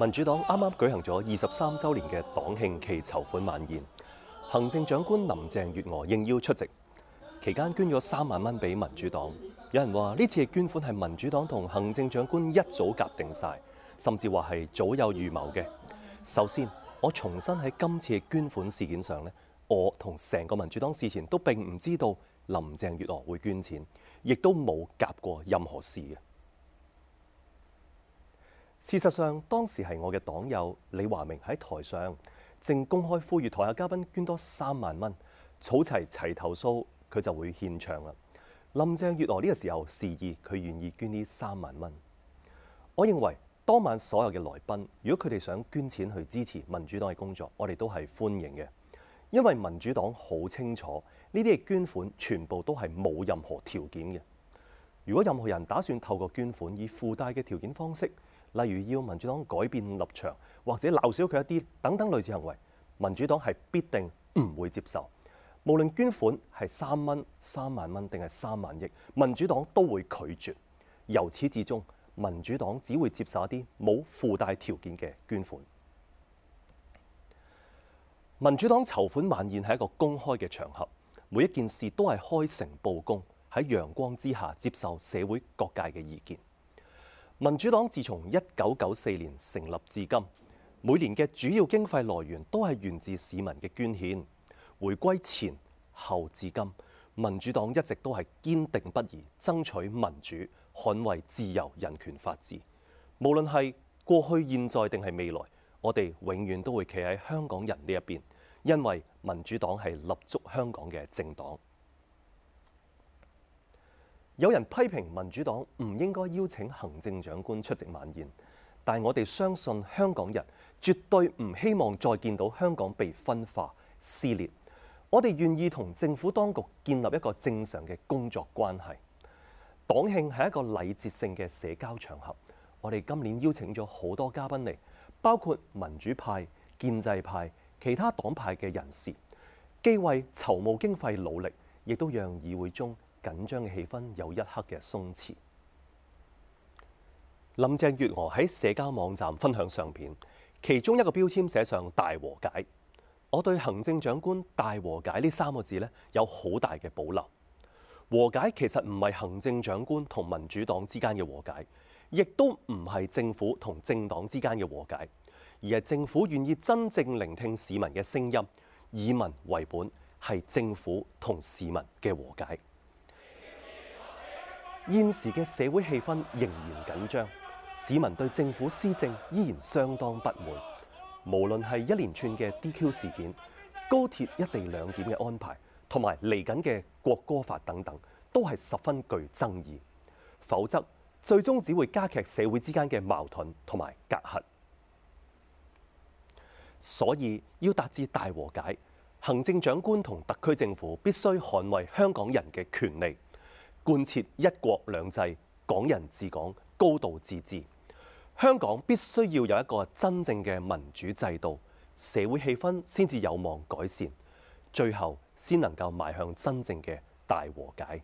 民主黨啱啱舉行咗二十三周年嘅黨慶，期籌款晚宴，行政長官林鄭月娥應邀出席，期間捐咗三萬蚊俾民主黨。有人話呢次嘅捐款係民主黨同行政長官一早夾定晒，甚至話係早有預謀嘅。首先，我重申喺今次嘅捐款事件上咧，我同成個民主黨事前都並唔知道林鄭月娥會捐錢，亦都冇夾過任何事嘅。事實上，當時係我嘅黨友李華明喺台上正公開呼籲台下嘉賓捐多三萬蚊，湊齊齊頭數，佢就會獻唱啦。林鄭月娥呢個時候示意佢願意捐呢三萬蚊。我認為當晚所有嘅來賓，如果佢哋想捐錢去支持民主黨嘅工作，我哋都係歡迎嘅，因為民主黨好清楚呢啲嘅捐款全部都係冇任何條件嘅。如果任何人打算透過捐款以附帶嘅條件方式，例如要民主黨改變立場，或者鬧少佢一啲等等類似行為，民主黨係必定唔會接受。無論捐款係三蚊、三萬蚊定係三萬億，民主黨都會拒絕。由始至終，民主黨只會接受一啲冇附帶條件嘅捐款。民主黨籌款晚宴係一個公開嘅場合，每一件事都係開誠佈公，喺陽光之下接受社會各界嘅意見。民主黨自從1994年成立至今，每年嘅主要經費來源都係源自市民嘅捐獻。回歸前後至今，民主黨一直都係堅定不移，爭取民主、捍衛自由、人權、法治。無論係過去、現在定係未來，我哋永遠都會企喺香港人呢一邊，因為民主黨係立足香港嘅政黨。有人批評民主黨唔應該邀請行政長官出席晚宴，但我哋相信香港人絕對唔希望再見到香港被分化撕裂。我哋願意同政府當局建立一個正常嘅工作關係。黨慶係一個禮節性嘅社交場合，我哋今年邀請咗好多嘉賓嚟，包括民主派、建制派、其他黨派嘅人士，既為籌募經費努力，亦都讓議會中緊張嘅氣氛有一刻嘅鬆弛。林鄭月娥喺社交網站分享相片，其中一個標籤寫上「大和解」。我對行政長官「大和解」呢三個字呢，有好大嘅保留。和解其實唔係行政長官同民主黨之間嘅和解，亦都唔係政府同政黨之間嘅和解，而係政府願意真正聆聽市民嘅聲音，以民為本，係政府同市民嘅和解。現時嘅社會氣氛仍然緊張，市民對政府施政依然相當不滿。無論係一連串嘅 DQ 事件、高鐵一地兩檢嘅安排，同埋嚟緊嘅國歌法等等，都係十分具爭議。否則，最終只會加劇社會之間嘅矛盾同埋隔閡。所以，要達至大和解，行政長官同特區政府必須捍衛香港人嘅權利。貫徹一國兩制，港人治港，高度自治。香港必須要有一個真正嘅民主制度，社會氣氛先至有望改善，最後先能夠邁向真正嘅大和解。